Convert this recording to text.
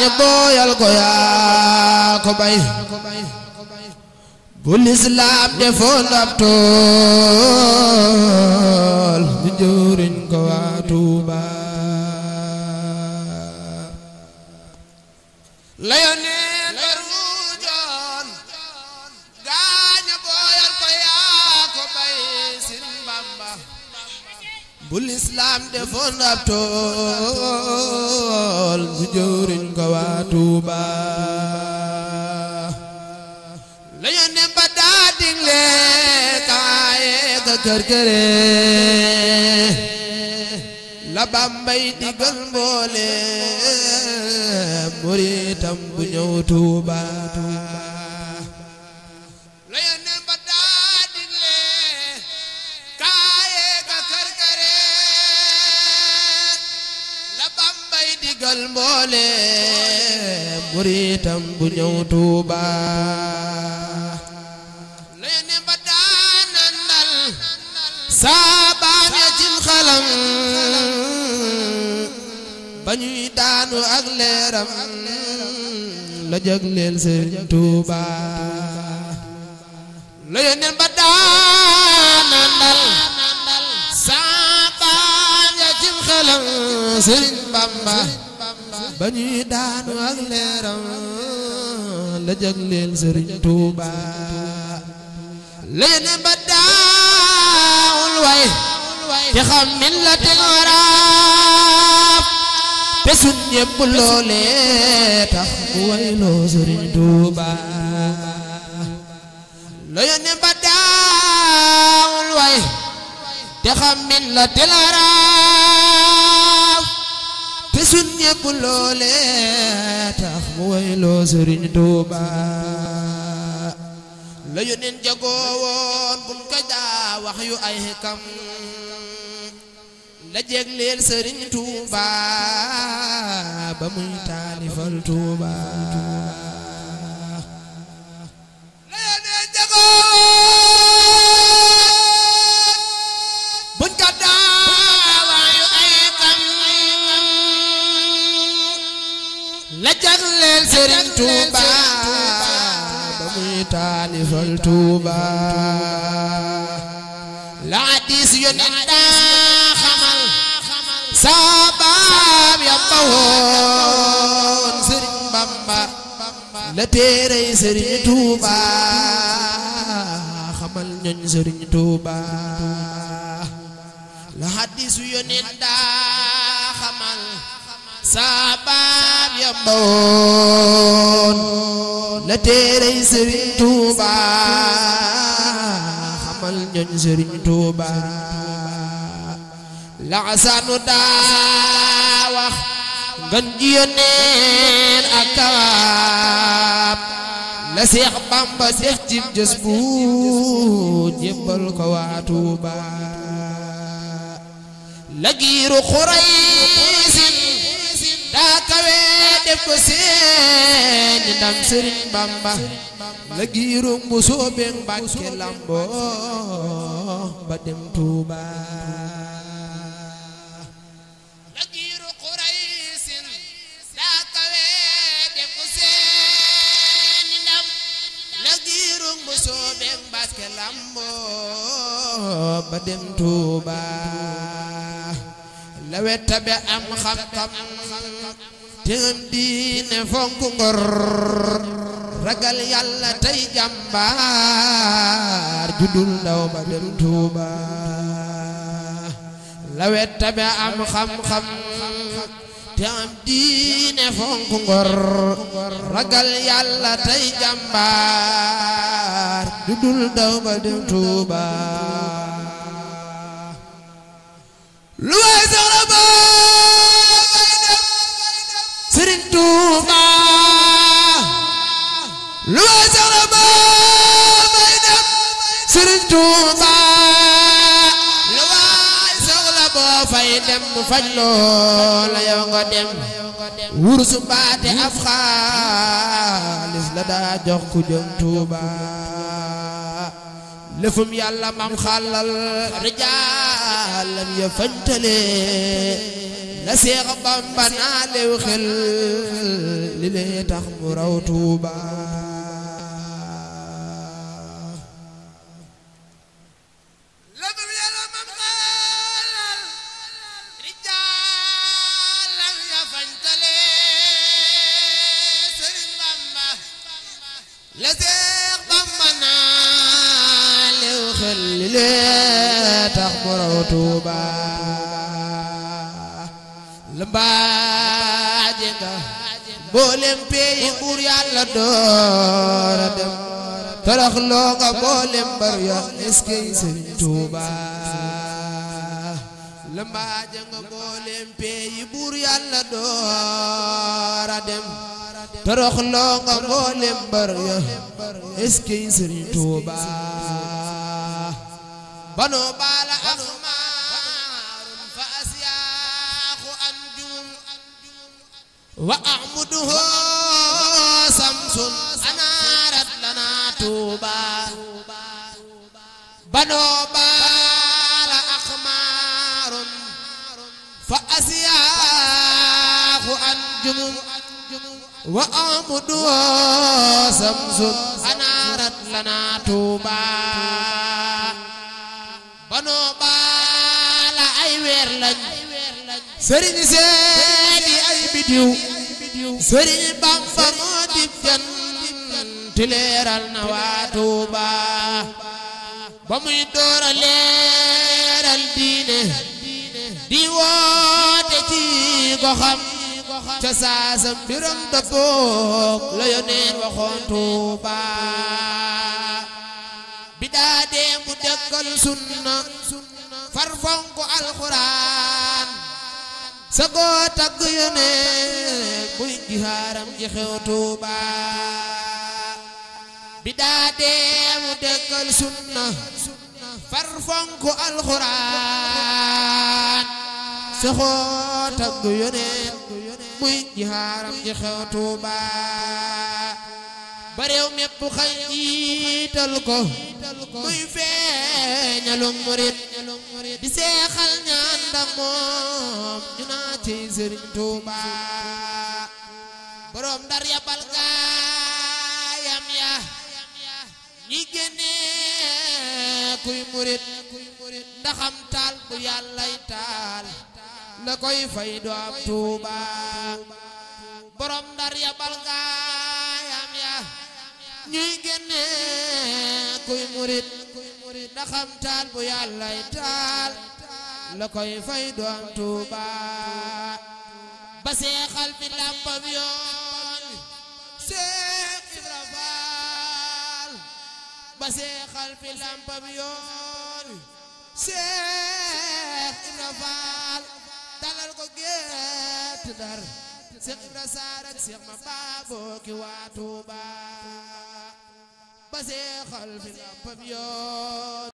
ña booyal ko yaa ko bay bu lislaam defoon ab tool ñu jëwriñ ko waa Tuuba bu lislaam defoon ab tool ñu jëwriñ ko waa Tuuba la ñu ne ba daa dingle kaaye ka kër këre la Bambay digal mboole muritam bu ñëw Tuuba mboole muritam bu ñëw Tuuba layene ba daana ndal saabaam ya cim xalam ba ñuy daanu ak leeram la jagleel Sëriñ Tuuba ba ñuy daanu ak la jagleel Sëriñ Tuuba leene ba daawul way te xam min la teg waraab te sun loole tax mu wayloo Sëriñ Tuuba leene ba daawul way te xam min la teg waraab te suñ ñëpp loole tax mu wayloo sëriñ Tuuba la yónneen jagoo woon buñ ko wax yu ay xikam la jégleel sëriñ Tuuba ba muy taalifal Tuuba Touba ba muy taalifal Touba la hadiis yu ne daa xamal saabaam ya bawoon Sëriñ Bamba la téerey Sëriñ Touba xamal ñoñ Sëriñ Touba la hadiis yu ne daa saabaam yamba woon la téerey Serigne Touba xamal ñoñ Serigne Touba la asanu daa wax ngën ji yónneen la Seex Bamba Seex cib jës bu jébbal ko waa la giiru Xuraysin daa kawe def ko seeni ndam sëriñ bamba la giirum bu soobee mbàkke lambo ba dem tuuba la giiru quraysin daa kawe def ko seeni ndam la giirum bu soobee mbàkke lambo ba dem tuuba la wetta be am xam-xam tëgam diine fonk ngor ragal yàlla tey jàmbaar judul ndaw ba dem tuuba lawet tabe am xam-xam te am diine fonk ngor ragal yàlla tey jàmbaar judul ndaw ba dem tuuba dem mu faj loola yow nga dem wurusu baate ab xaalis la daa jox ku jëm Tuuba lëfum yàlla mam xàllal rijaalam ya fantale la Seex Bamba naa lew li lay tax mu raw la Seex Bamba naa lew xel li lee tax borom Tuuba la mbaaje nga mboolem peyi buur yàlla doora dem torox loo nga mboolem mbar eskey Sëriñ Tuuba la mbaaje nga mboolem peyi buur yàlla doora dem torox loo nga mboolem mbar ya eskey sëriñ Tuuba banu baala axmaarun fa asyaaxu anjum wa ahmuduhu samsun anaarat lana Tuuba banu baala axmaarun fa asyaaxu anjum wa amudu samsun anaarat lana tuuba banoo baala ay weer lañ sëriñ seedi ay bidiw sëriñ Bamba moo di jant leeral na waa tuuba ba muy doora leeral diine di woote goxam ca saasam mbiram dëppook la yoneen waxoon Tuuba bi daa dee mu dëkkal sunna farfonku alxuraan sa sa goo tagg yoneen buy ji xaaram ji xew Tuuba ba réew mépp jiital ko muy feeñalum murit di seexal ñaan moom ñu naa ci Sëriñ Tuuba borom Ndar yabal gaayam ya ñi génnee kuy murit ndaxam taal bu yàllay taal la koy fay du am tuuba borom ndar ya balgaayam ya kuy murit da xam taal bu yàllay taal la koy fay du ba seexal bi làmpam yoon Seex Ibra Faal Faal dalal ko gétt dar Seex Ibra Saar ak Seex ma baaboo ki waa Tuuba ba seexal fi nga pam yoon